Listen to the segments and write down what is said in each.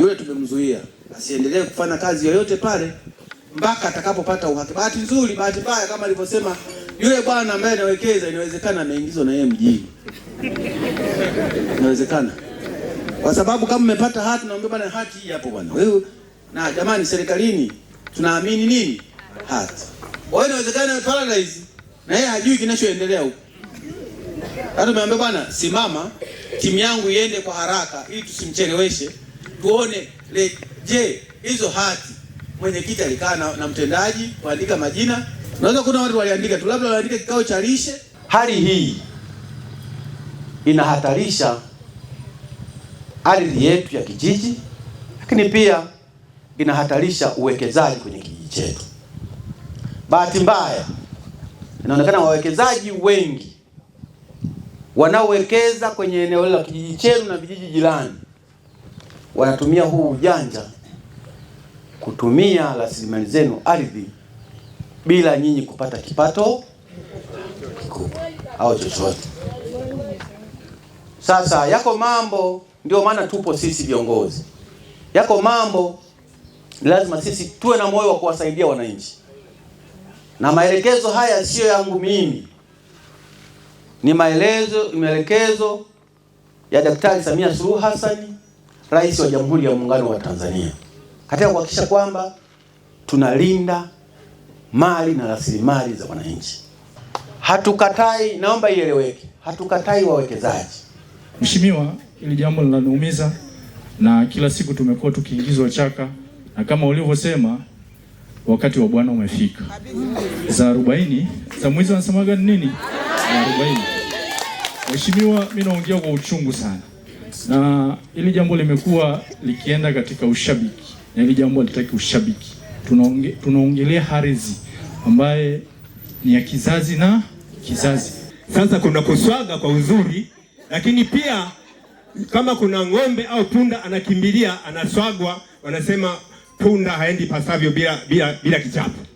yule tumemzuia asiendelee kufanya kazi yoyote pale mpaka atakapopata uhaki. Bahati nzuri, bahati mbaya, kama alivyosema yule bwana ambaye anawekeza, inawezekana ameingizwa na yeye mjini, inawezekana kwa sababu kama mmepata hati, naomba bwana, hati hii hapo bwana, wewe na jamani, serikalini tunaamini nini? Hati. wewe, inawezekana ni Paradise na yeye hajui kinachoendelea huko. Hata umeambia bwana, simama, timu yangu iende kwa haraka ili tusimcheleweshe tuone le, je hizo hati mwenyekiti alikaa na, na mtendaji kuandika majina. Unaweza kuna watu waliandika tu, labda waliandika kikao cha lishe. Hali hii inahatarisha ardhi yetu ya kijiji, lakini pia inahatarisha uwekezaji kwenye kijiji chetu. Bahati mbaya, inaonekana wawekezaji wengi wanaowekeza kwenye eneo la kijiji chenu na vijiji jirani wanatumia huu ujanja kutumia rasilimali zenu ardhi bila nyinyi kupata kipato kikubwa au chochote. Sasa yako mambo, ndio maana tupo sisi viongozi, yako mambo lazima sisi tuwe na moyo wa kuwasaidia wananchi, na maelekezo haya siyo yangu mimi, ni maelezo, maelekezo ya Daktari Samia Suluhu Hassan Rais wa Jamhuri ya Muungano wa Tanzania katika kuhakikisha kwamba tunalinda mali na rasilimali za wananchi. Hatukatai, naomba ieleweke, hatukatai wawekezaji. Mheshimiwa, ili jambo linaniumiza na kila siku tumekuwa tukiingizwa chaka, na kama ulivyosema wakati wa Bwana umefika. Za 40 za mwizi wanasemaga nini? Za 40. Mheshimiwa, mimi naongea kwa uchungu sana na hili jambo limekuwa likienda katika ushabiki, na hili jambo halitaki ushabiki. tunaongelea harizi ambaye ni ya kizazi na kizazi. Sasa kuna kuswaga kwa uzuri, lakini pia kama kuna ng'ombe au punda anakimbilia anaswagwa, wanasema punda haendi pasavyo bila, bila, bila kichapo.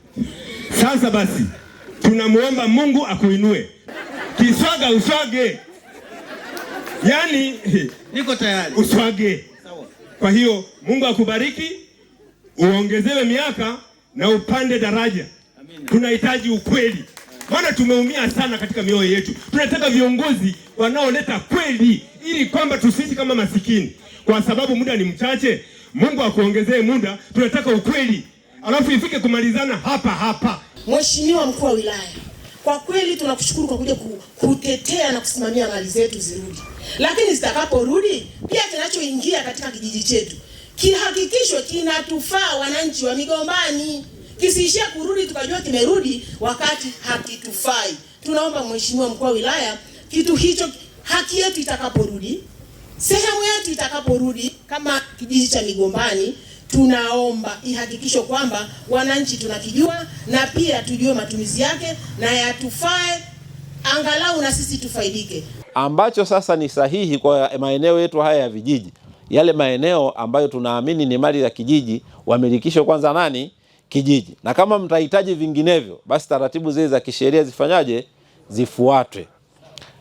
Sasa basi tunamwomba Mungu akuinue, kiswaga uswage yani niko tayari uswage. Kwa hiyo Mungu akubariki, uongezewe miaka na upande daraja. Tunahitaji ukweli, maana tumeumia sana katika mioyo yetu. Tunataka viongozi wanaoleta kweli, ili kwamba tusisi kama masikini, kwa sababu muda ni mchache. Mungu akuongezee muda, tunataka ukweli, alafu ifike kumalizana hapa hapa. Mheshimiwa mkuu wa wilaya kwa kweli tunakushukuru kwa kuja kutetea na kusimamia mali zetu zirudi, lakini zitakaporudi pia kinachoingia katika kijiji chetu kihakikishwe kinatufaa wananchi wa Migombani, kisiishie kurudi tukajua kimerudi wakati hakitufai. Tunaomba Mheshimiwa mkuu wa wilaya, kitu hicho, haki yetu itakaporudi, sehemu yetu itakaporudi kama kijiji cha Migombani tunaomba ihakikisho kwamba wananchi tunakijua na pia tujue matumizi yake na yatufae angalau na sisi tufaidike, ambacho sasa ni sahihi kwa maeneo yetu haya ya vijiji. Yale maeneo ambayo tunaamini ni mali ya kijiji wamilikisho kwanza nani kijiji, na kama mtahitaji vinginevyo, basi taratibu zile za kisheria zifanyaje, zifuatwe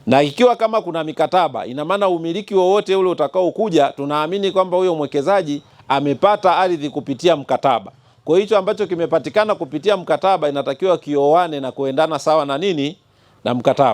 na ikiwa kama kuna mikataba, ina maana umiliki wowote ule utakao kuja tunaamini kwamba huyo mwekezaji amepata ardhi kupitia mkataba. Kwa hicho ambacho kimepatikana kupitia mkataba inatakiwa kioane na kuendana sawa na nini na mkataba.